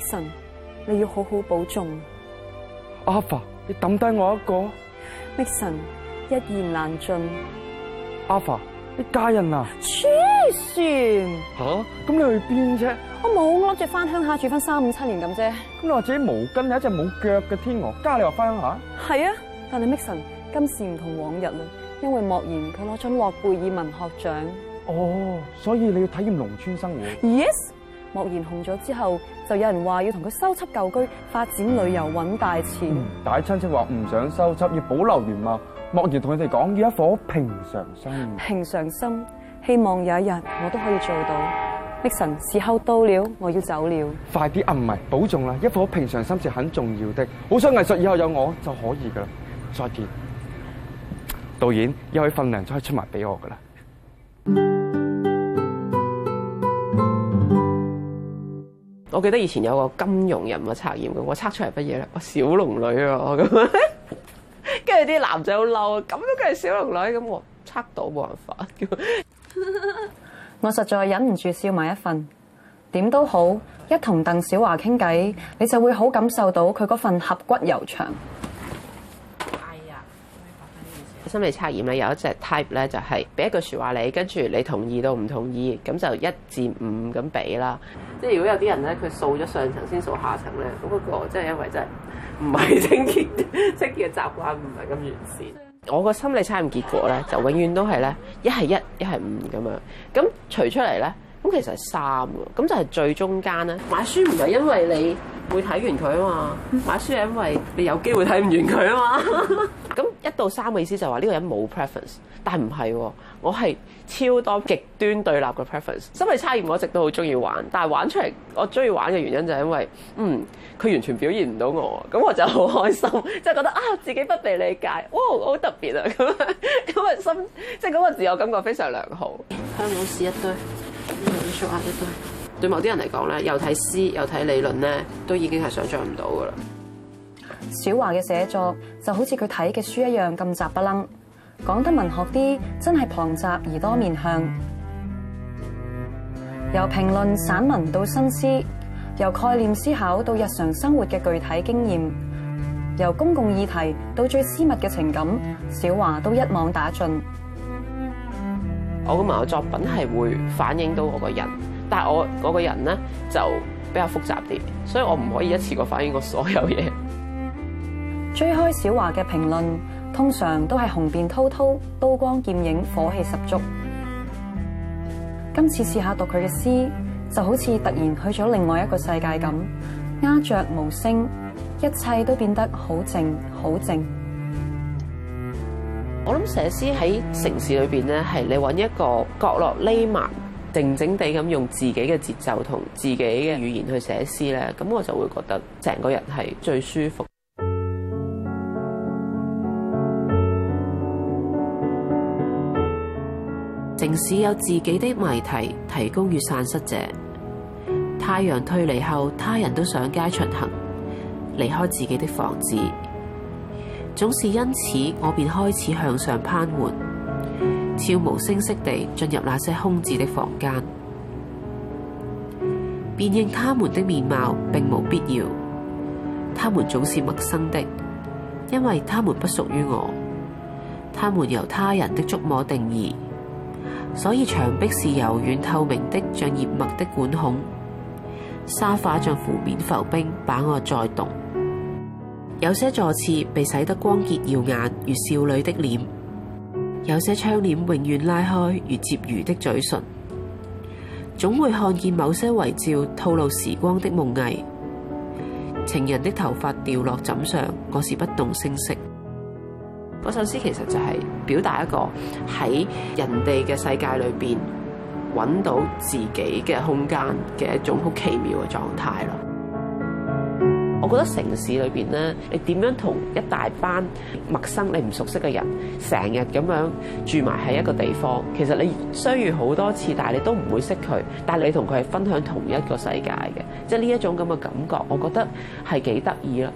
麥神，Mason, 你要好好保重。阿華，你抌低我一個。麥神一言難盡。阿華，啊，你嫁人啦？痴線吓，咁你去邊啫？我冇諗住翻鄉下住翻三五七年咁啫。咁你話自己毛巾有一隻冇腳嘅天鵝，嫁你話翻鄉下？係啊，但係麥神今時唔同往日啦，因為莫言佢攞咗諾貝爾文學獎。哦，oh, 所以你要體驗農村生活？Yes。莫言紅咗之後，就有人話要同佢修葺舊居，發展旅遊，搵大錢。嗯、但係親戚話唔想修葺，要保留原貌。莫言同佢哋講要一顆平常心。平常心，希望有一日我都可以做到。力神，時候到了，我要走了。快啲啊！唔係，保重啦！一顆平常心是很重要的。好想藝術以後有我就可以噶啦。再見，導演，又可以份糧再出埋俾我噶啦。我記得以前有個金融人物測驗嘅，我測出嚟乜嘢咧？我小龍女啊，咁跟住啲男仔好嬲啊，咁都梗係小龍女咁，我測到冇辦法。 我實在忍唔住笑埋一份。點都好，一同鄧小樺傾偈，你就會好感受到佢嗰份俠骨柔腸。心理測驗咧，有一隻 type 咧就係、是、俾一句説話你，跟住你同意到唔同意，咁就一至五咁俾啦。即係如果有啲人咧，佢數咗上層先數下層咧，咁、那、嗰個真係因為真係唔係清潔， 清潔嘅習慣唔係咁完善。我個心理測驗結果咧就永遠都係咧，一係一，一係五咁樣。咁除出嚟咧，咁其實係三喎。咁就係最中間咧。買書唔係因為你會睇完佢啊嘛， 買書係因為你有機會睇唔完佢啊嘛。 咁一到三嘅意思就係話呢個人冇 preference，但係唔係，我係超多極端對立嘅 preference。心理差異我一直都好中意玩，但係玩出嚟我中意玩嘅原因就係因為，嗯，佢完全表現唔到我，咁我就好開心，即係覺得啊自己不被理解，嘩，好特別啊咁，咁個心即係嗰個自我感覺非常良好。香港市一堆，數學一堆，對某啲人嚟講咧，又睇詩又睇理論咧，都已經係想象唔到噶啦。小樺嘅寫作就好似佢睇嘅書一樣咁雜不楞，講得文學啲，真係龐雜而多面向。由評論散文到新詩，由概念思考到日常生活嘅具體經驗，由公共議題到最私密嘅情感，小樺都一網打盡。我嘅文學作品係會反映到我個人，但係我我個人呢就比較複雜啲，所以我唔可以一次過反映我所有嘢。追開小樺嘅評論，通常都係雄辯滔滔，刀光劍影，火氣十足。今次試下讀佢嘅詩，就好似突然去咗另外一個世界咁，鴉雀無聲，一切都變得好靜，好靜。我諗寫詩喺城市裏邊咧，係你揾一個角落匿埋，靜靜地咁用自己嘅節奏同自己嘅語言去寫詩咧，咁我就會覺得成個人係最舒服的。城市有自己的謎題，提供予散失者。太陽退離後，他人都上街出行，離開自己的房子。總是因此，我便開始向上攀援，悄無聲息地進入那些空置的房間，辨認他們的面貌，並無必要。他們總是陌生的，因為他們不屬於我，他們由他人的觸摸定義。所以牆壁是柔軟透明的，像葉脈的管孔。沙發像湖面浮冰，把我載動。有些坐廁被洗得光潔耀眼，如少女的臉；有些窗簾永遠拉開，如鯊魚的嘴唇。總會看見某些遺照，透露時光的夢囈。情人的頭髮掉落枕上，我是不動聲色。嗰首詩其實就係表達一個喺人哋嘅世界裏邊揾到自己嘅空間嘅一種好奇妙嘅狀態咯。我覺得城市裏邊咧,你點樣同一大班陌生，你唔熟悉嘅人成日咁樣住埋喺一個地方，其實你相遇好多次，但係你都唔會識佢，但係你同佢係分享同一個世界嘅，即係呢一種咁嘅感覺，我覺得係幾得意咯。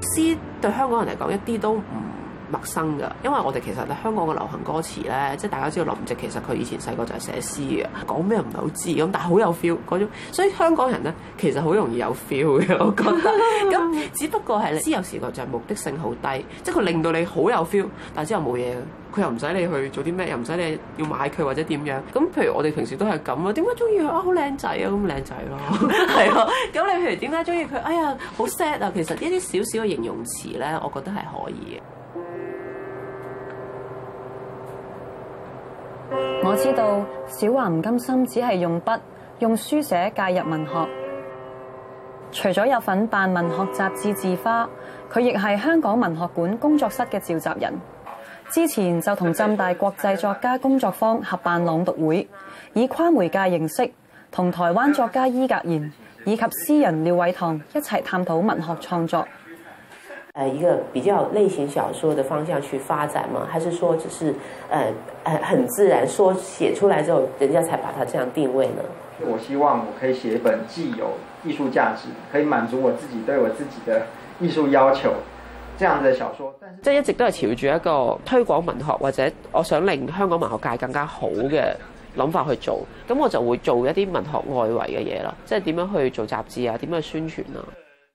詩對香港人嚟講一啲都唔～陌生嘅，因為我哋其實咧，香港嘅流行歌詞咧，即係大家知道林夕其實佢以前細個就係寫詩嘅，講咩唔係好知咁，但係好有 feel 嗰種。所以香港人咧，其實好容易有 feel 嘅，我覺得。咁 只不過係你知有時個就目的性好低，即係佢令到你好有 feel，但係之後冇嘢。佢又唔使你去做啲咩，又唔使你要買佢或者點樣。咁譬如我哋平時都係咁啊，點解中意佢啊？好靚仔啊，咁靚仔咯，係咯。 咁你譬如點解中意佢？哎呀，好 sad 啊。其實呢啲少少嘅形容詞咧，我覺得係可以嘅。我知道小樺唔甘心只是用筆，只係用筆用書寫介入文學。除咗有份辦文學雜誌《字花》，佢亦係香港文學館工作室嘅召集人。之前就同浸大國際作家工作坊合辦朗讀會，以跨媒介形式同台灣作家伊格言以及詩人廖偉棠一齊探討文學創作。呃，一個比較類型小說的方向去發展嗎？還是說只、就是呃很、呃、很自然說寫出來之後，人家才把它這樣定位呢？我希望我可以寫一本既有藝術價值，可以滿足我自己對我自己的藝術要求這樣的小說。但是即是一直都係朝住一個推廣文學或者我想令香港文學界更加好嘅諗法去做，咁我就會做一啲文學外圍嘅嘢啦，即係點樣去做雜誌啊，點樣去宣傳啊。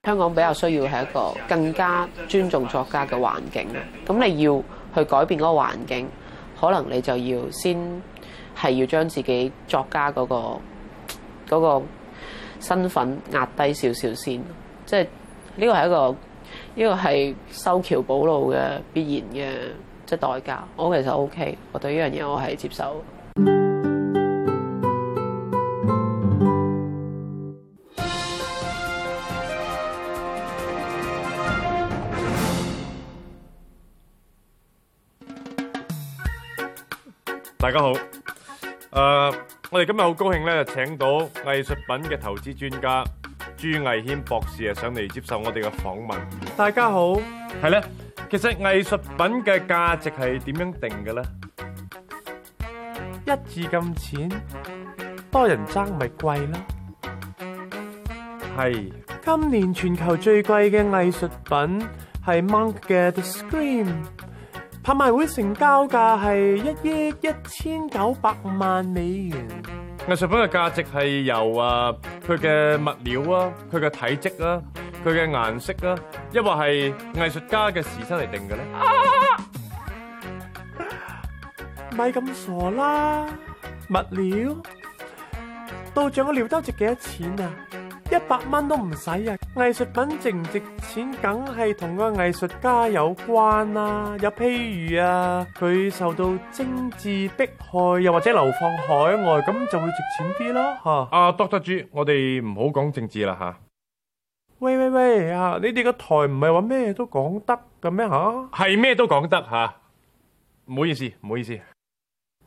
香港比較需要係一個更加尊重作家嘅環境啦。咁你要去改變嗰個環境，可能你就要先係要將自己作家嗰、嗰個、嗰個身份壓低少少先。即係呢個係一個呢、呢個係修橋補路嘅必然嘅即係代價。我其實 OK，我對呢樣嘢我係接受。大家好，誒、呃，我哋今日好高興咧，請到藝術品嘅投資專家朱毅軒博士啊上嚟接受我哋嘅訪問。大家好，係咧，其實藝術品嘅價值係點樣定嘅咧？一字咁淺多人爭咪貴啦。係是，今年全球最貴嘅藝術品係 Monk 嘅《The Scream》。拍賣會成交價係一億一千九百萬美元。藝術品嘅價值係由啊佢嘅物料啊、佢嘅體積啊、佢嘅顏色啊，抑或係藝術家嘅時薪嚟定嘅咧？啊咪咁傻啦！物料？道長嘅料都值幾多錢啊？一百蚊都唔使啊！藝術品值唔值錢，梗係同個藝術家有關啦、啊。有譬如啊，佢受到政治迫害，又或者流放海外，咁就會值錢啲咯、啊。吓啊、uh,doctor G 我哋唔好講政治啦。吓、啊、喂喂喂啊！你哋個台唔係話咩都講得嘅咩吓？係咩都講得吓？唔好意思，唔好意思。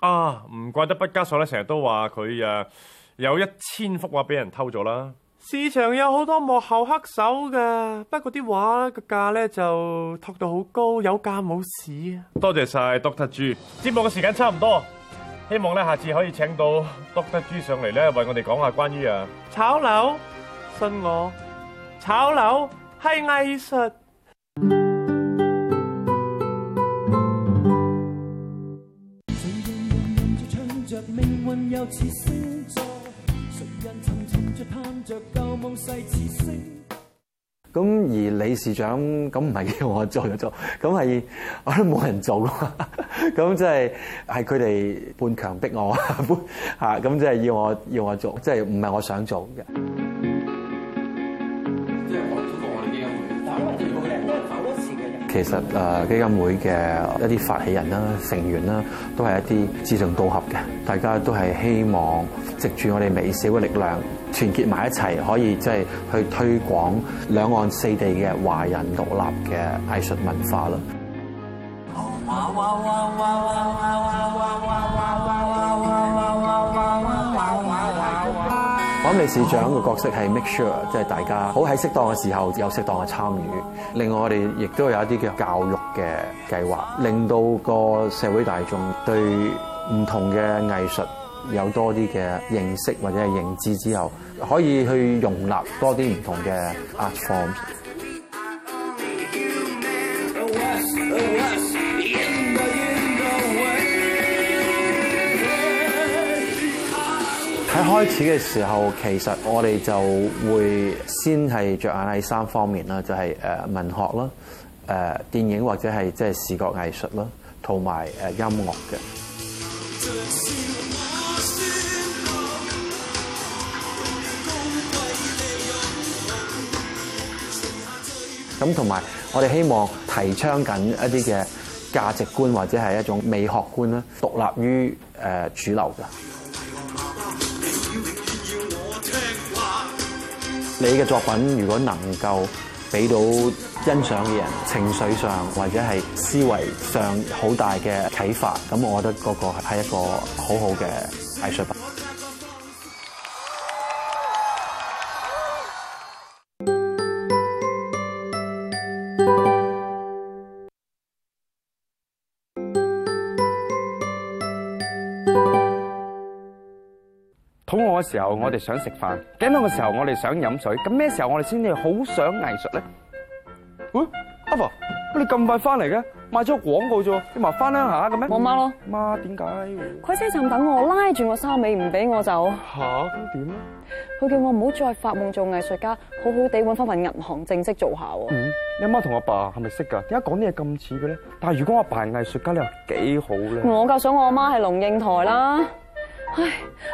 啊，唔怪得畢加索咧，成日都話佢啊有一千幅畫俾人偷咗啦。市場有好多幕後黑手噶，不過啲畫個價咧就托到好高，有價冇市啊。多謝晒 doctor g，節目嘅時間差唔多，希望咧下次可以請到 doctor g 上嚟，咧，為我哋講下關於啊炒樓。信我，炒樓係藝術。.咁而理事長咁，唔係要我做就做，咁係我都冇人做咯，咁即係係佢哋半強逼我，吓，咁即係要我要我做，即係唔係我想做嘅。其實誒，基金會嘅一啲發起人啦、成員啦，都係一啲志同道合嘅，大家都係希望藉住我哋微小嘅力量，團結埋一齊，可以即係去推廣兩岸四地嘅華人獨立嘅藝術文化咯。市長嘅角色係 make sure，即係大家好喺適當嘅時候有適當嘅參與。另外，我哋亦都有一啲叫教育嘅計劃，令到個社會大眾對唔同嘅藝術有多啲嘅認識或者係認知之後，可以去容納多啲唔同嘅 art form。喺開始嘅時候，其實我哋就會先係着眼喺三方面啦，就係誒文學啦、誒電影或者係即係視覺藝術啦，同埋誒音樂嘅。咁同埋我哋希望提倡緊一啲嘅價值觀或者係一種美學觀啦，獨立於誒主流嘅。你嘅作品如果能夠俾到欣賞嘅人情緒上或者係思維上好大嘅啟發，咁我覺得個個係一個好好嘅藝術品。嗰時候我哋想食飯，頸渴嘅時候我哋想飲水，咁咩時候我哋先至好想藝術咧？喂、啊，阿婆，你咁快翻嚟嘅？賣咗個廣告啫，你咪係翻鄉下嘅咩？我媽咯。媽點解？佢車站等我，拉我，拉住我衫尾唔俾我走。嚇點咧？佢叫我唔好再發夢做藝術家，好好地揾翻份銀行正式做下。嗯，你媽同阿爸係咪識㗎？點解講啲嘢咁似嘅咧？但係如果阿爸係藝術家，你又幾好咧？我夠想我阿媽係龍應台啦。唉，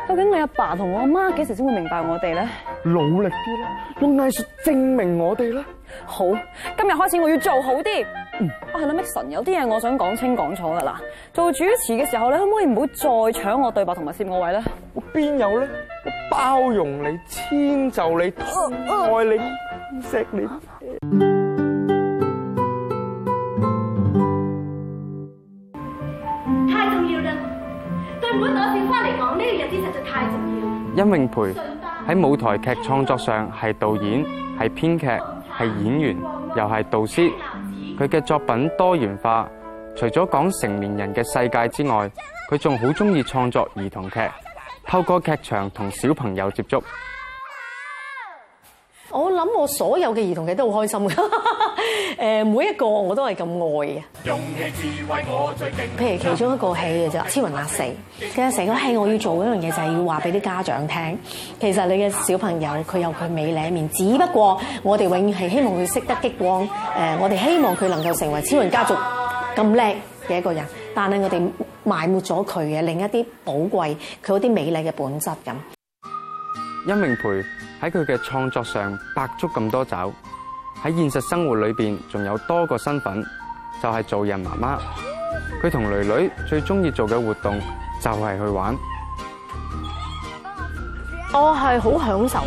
究竟你爸爸和我阿爸同我阿媽幾時先會明白我哋咧？努力啲啦，用藝術證明我哋啦。好，今日開始我要做好啲。嗯了，我係啦 Miksen 有啲嘢我想講清講楚噶啦。做主持嘅時候，你可唔可以唔好再搶我對白同埋攝我位咧？我邊有咧？我包容你，遷就你，愛你，錫你。啊啊啊如果打電話嚟講，呢個日子實在太重要。甄詠蓓喺舞台劇創作上係導演、係編劇、係演員，又係導師。佢嘅作品多元化，除咗講成年人嘅世界之外，佢仲好鍾意創作兒童劇，透過劇場同小朋友接觸。咁我所有嘅兒童劇都好開心嘅，誒每一個我都係咁愛嘅。譬如其中一個戲嘅啫，超人阿四，其實成個戲我要做嗰樣嘢就係要話俾啲家長聽，其實你嘅小朋友佢有佢美麗一面，只不過我哋永遠係希望佢識得激光，誒我哋希望佢能夠成為超人家族咁叻嘅一個人，但係我哋埋沒咗佢嘅另一啲寶貴，佢嗰啲美麗嘅本質咁。甄詠蓓喺佢嘅創作上百足咁多爪。喺現實生活裏邊仲有多個身份，就係做人媽媽。佢同囡囡最中意做嘅活動就係去玩。我係好享受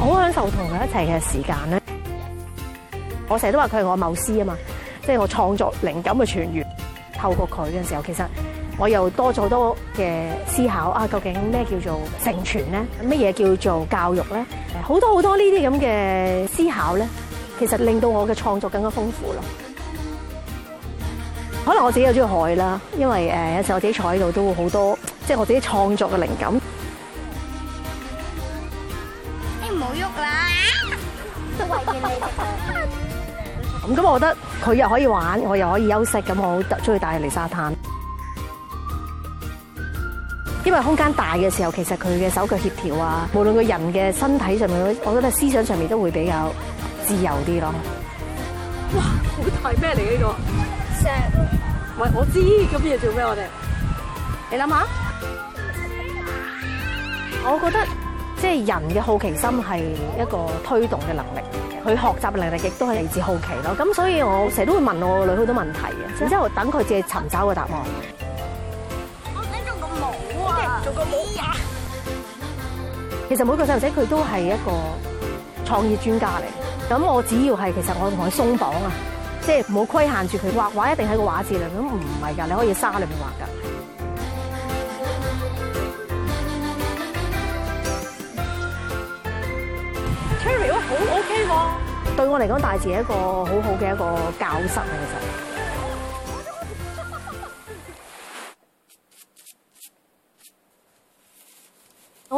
好享受同佢一齊嘅時間咧。就是、我成日都話佢係我繆斯啊嘛，即係我創作靈感嘅泉源。透過佢嘅時候，其實。我又多咗好多嘅思考啊！究竟咩叫做成全咧？咩嘢叫做教育咧？好多好多呢啲咁嘅思考咧，其實令到我嘅創作更加豐富咯。可能我自己有中意海啦，因為誒有時候我自己坐喺度都會好多，即係我自己創作嘅靈感。 你唔好喐啦！都為住你。咁咁我覺得佢又可以玩，我又可以休息，咁我好中意帶佢嚟沙灘。因為空間大嘅時候，其實佢嘅手腳協調啊，無論個人嘅身體上面，我我覺得思想上面都會比較自由啲咯。哇，好、這個、大咩嚟呢個？石，喂，我知道，咁又做咩我哋？你諗下？我覺得即係人嘅好奇心係一個推動嘅能力，佢學習嘅能力亦都係嚟自好奇咯。咁所以我成日都會問我女好多問題嘅，然之後等佢自己尋找個答案。冇其實每個細路仔佢都係一個創意專家嚟，咁我只要係其實我同佢鬆綁啊，即係唔好規限住佢畫畫一定喺個畫字嚟，咁唔係噶，你可以沙裏面畫噶。Cherry 哇，好 OK 喎，對我嚟講，大自然係一個好好嘅一個教室啊，其實。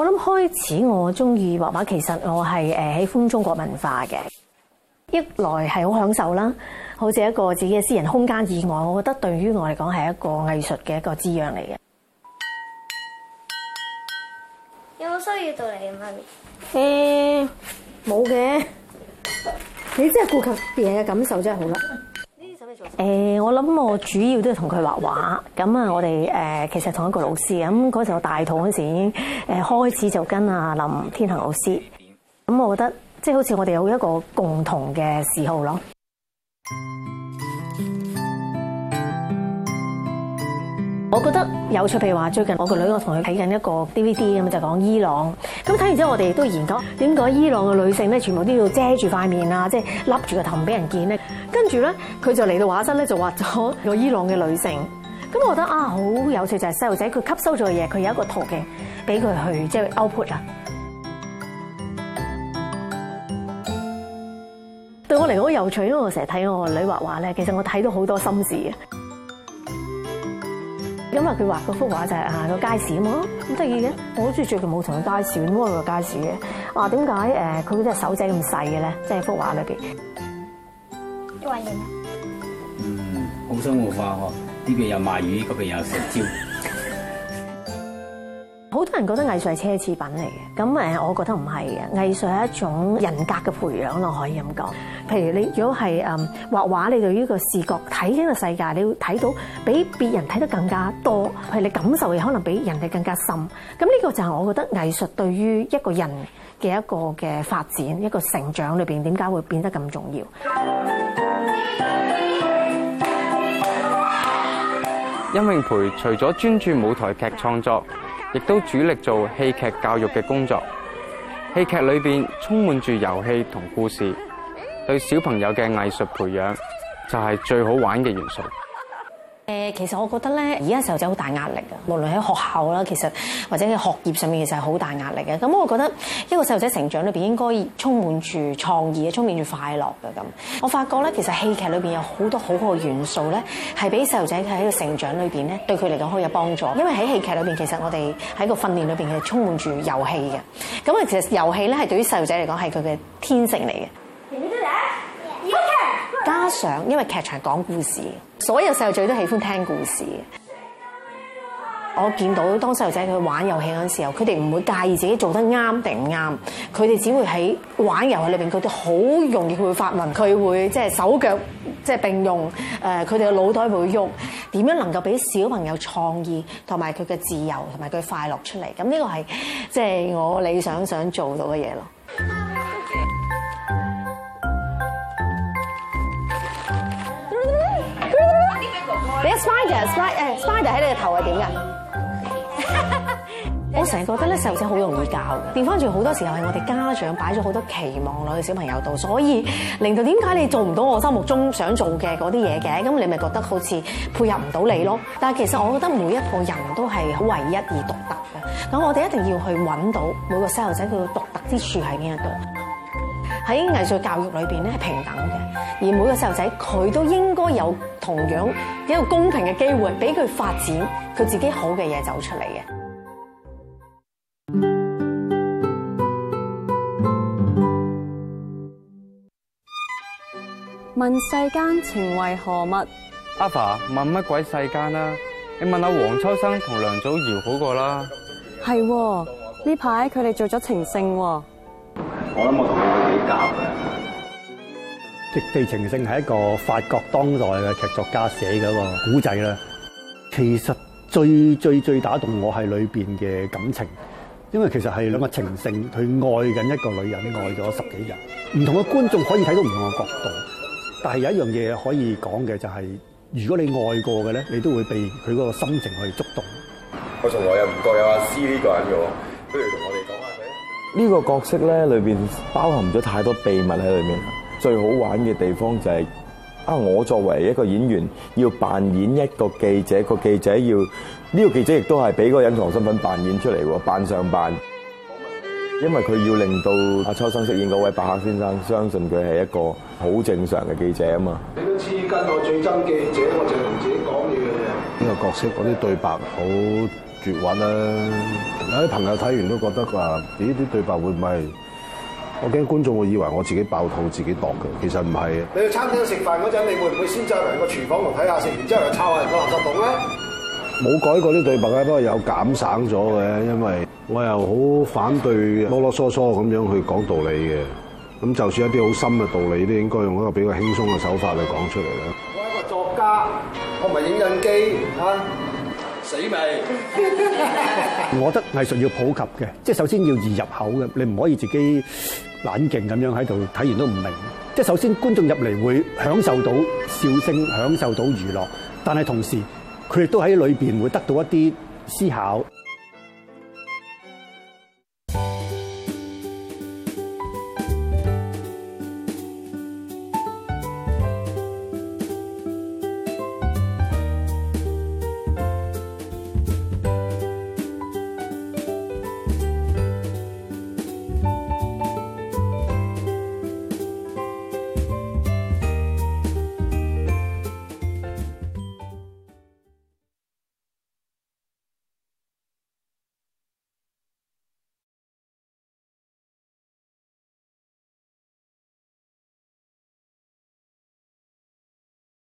我諗開始我中意畫畫，其實我係誒喜歡中國文化嘅，一來係好享受啦，好似一個自己嘅私人空間以外，我覺得對於我嚟講係一個藝術嘅一個滋養嚟嘅。有冇需要到你嘅媽咪？誒、嗯，冇嘅。你真係顧及別人嘅感受真好，真係好啦。誒，我諗我主要都係同佢畫畫，咁啊，我哋誒其實同一個老師，咁嗰時候大肚嗰陣時已經誒開始就跟阿林天行老師，咁我覺得即係、就是、好似我哋有一個共同嘅嗜好咯。我覺得有趣，譬如話最近我個女，我同佢睇緊一個 DVD 咁就講伊朗，咁睇完之後我哋都研究點解伊朗嘅女性咧全部都要遮住塊面啊，即係笠住個頭唔俾人見咧。跟住咧佢就嚟到畫室咧就畫咗個伊朗嘅女性，咁我覺得啊好有趣就係細路仔佢吸收咗嘅嘢，佢有一個途徑俾佢去即係 output 啊。對我嚟講好有趣，因為我成日睇我個女畫畫咧，其實我睇到好多心事嘅。因為佢畫嗰幅畫就係啊個街市啊嘛，咁得意嘅，我好似最近冇同佢街市，咁開個街市嘅。啊，點解誒佢嗰隻手仔咁細嘅咧？即係幅畫裏邊。都係嘢。嗯，好生活化喎，呢邊有賣魚，嗰邊又食蕉。好多人覺得藝術係奢侈品嚟嘅，咁誒，我覺得唔係嘅。藝術係一種人格嘅培養咯，我可以咁講。譬如你如果係誒畫畫，你對於個視覺睇呢個世界，你會睇到比別人睇得更加多，譬如你感受嘅可能比人哋更加深。咁呢個就係我覺得藝術對於一個人嘅一個嘅發展，一個成長裏邊，點解會變得咁重要？甄詠蓓除咗專注舞台劇創作。亦都主力做戲劇教育嘅工作，戲劇裏邊充滿住遊戲同故事，對小朋友嘅藝術培養就係最好玩嘅元素。誒，其實我覺得咧，而家細路仔好大壓力噶，無論喺學校啦，其實或者喺學業上面，其實係好大壓力嘅。咁我覺得一個細路仔成長裏邊，應該充滿住創意，充滿住快樂嘅。咁我發覺咧，其實戲劇裏邊有好多好好嘅元素咧，係俾細路仔喺個成長裏邊咧，對佢嚟講好有幫助。因為喺戲劇裏邊，其實我哋喺個訓練裏邊，係充滿住遊戲嘅。咁啊，其實遊戲咧係對於細路仔嚟講係佢嘅天性嚟嘅。加上，因為劇場講故事，所有細路仔都喜歡聽故事。我見到當細路仔去玩遊戲嗰陣時候，佢哋唔會介意自己做得啱定唔啱，佢哋只會喺玩遊戲裏邊，佢哋好容易佢會發問，佢會即係手腳即係並用，誒佢哋嘅腦袋會喐。點樣能夠俾小朋友創意同埋佢嘅自由同埋佢快樂出嚟？咁呢個係即係我理想想做到嘅嘢咯。Spider，Spider，Spider 喺 spider, spider 你個頭係點㗎？ 我成日覺得咧，細路仔好容易教嘅。調翻轉好多時候係我哋家長擺咗好多期望落去小朋友度，所以令到點解你做唔到我心目中想做嘅嗰啲嘢嘅？咁你咪覺得好似配合唔到你咯？但係其實我覺得每一個人都係好唯一而獨特嘅。咁我哋一定要去揾到每個細路仔佢嘅獨特之處喺邊一度。喺藝術教育裏邊咧係平等嘅，而每個細路仔佢都應該有同樣一個公平嘅機會，俾佢發展佢自己好嘅嘢走出嚟嘅。問世間情為何物？阿爸問乜鬼世間啊？你問阿黃秋生同梁祖堯好過啦？係，呢排佢哋做咗情聖。我諗我同佢比較嘅《極地情聖》係一個法國當代嘅劇作家寫嘅一個古仔啦。其實最最最打動我係裏邊嘅感情，因為其實係兩個情聖，佢愛緊一個女人，愛咗十幾日。唔同嘅觀眾可以睇到唔同嘅角度，但係有一樣嘢可以講嘅就係，如果你愛過嘅咧，你都會被佢嗰個心情去觸動。我從來又唔覺得有阿思呢個人嘅喎。呢個角色咧，裏邊包含咗太多秘密喺裏面，最好玩嘅地方就係啊，我作為一個演員要扮演一個記者，個記者要呢、呢個記者亦都係俾個隱藏身份扮演出嚟喎，扮上扮，因為佢要令到阿秋生飾演嗰位白客先生相信佢係一個好正常嘅記者啊嘛。你都知跟我最憎記者，我就係同自己講嘢嘅啫。呢個角色嗰啲對白好絕喎啦。啲朋友睇完都覺得話：呢啲對白會唔係？我驚觀眾會以為我自己爆肚自己噥嘅，其實唔係。你去餐廳食飯嗰陣，你會唔會先走入個廚房度睇下，食完之後又抄下人個垃圾桶咧？冇改過啲對白咧，不過有減省咗嘅，因為我又好反對囉囉嗦嗦咁樣去講道理嘅。咁就算一啲好深嘅道理，都應該用一個比較輕鬆嘅手法嚟講出嚟咧。我係一個作家，我唔係影印機啊！死咪！ 我覺得藝術要普及嘅，即係首先要易入口嘅，你唔可以自己冷靜咁樣喺度睇完都唔明。即係首先觀眾入嚟會享受到笑聲，享受到娛樂，但係同時佢亦都喺裏邊會得到一啲思考。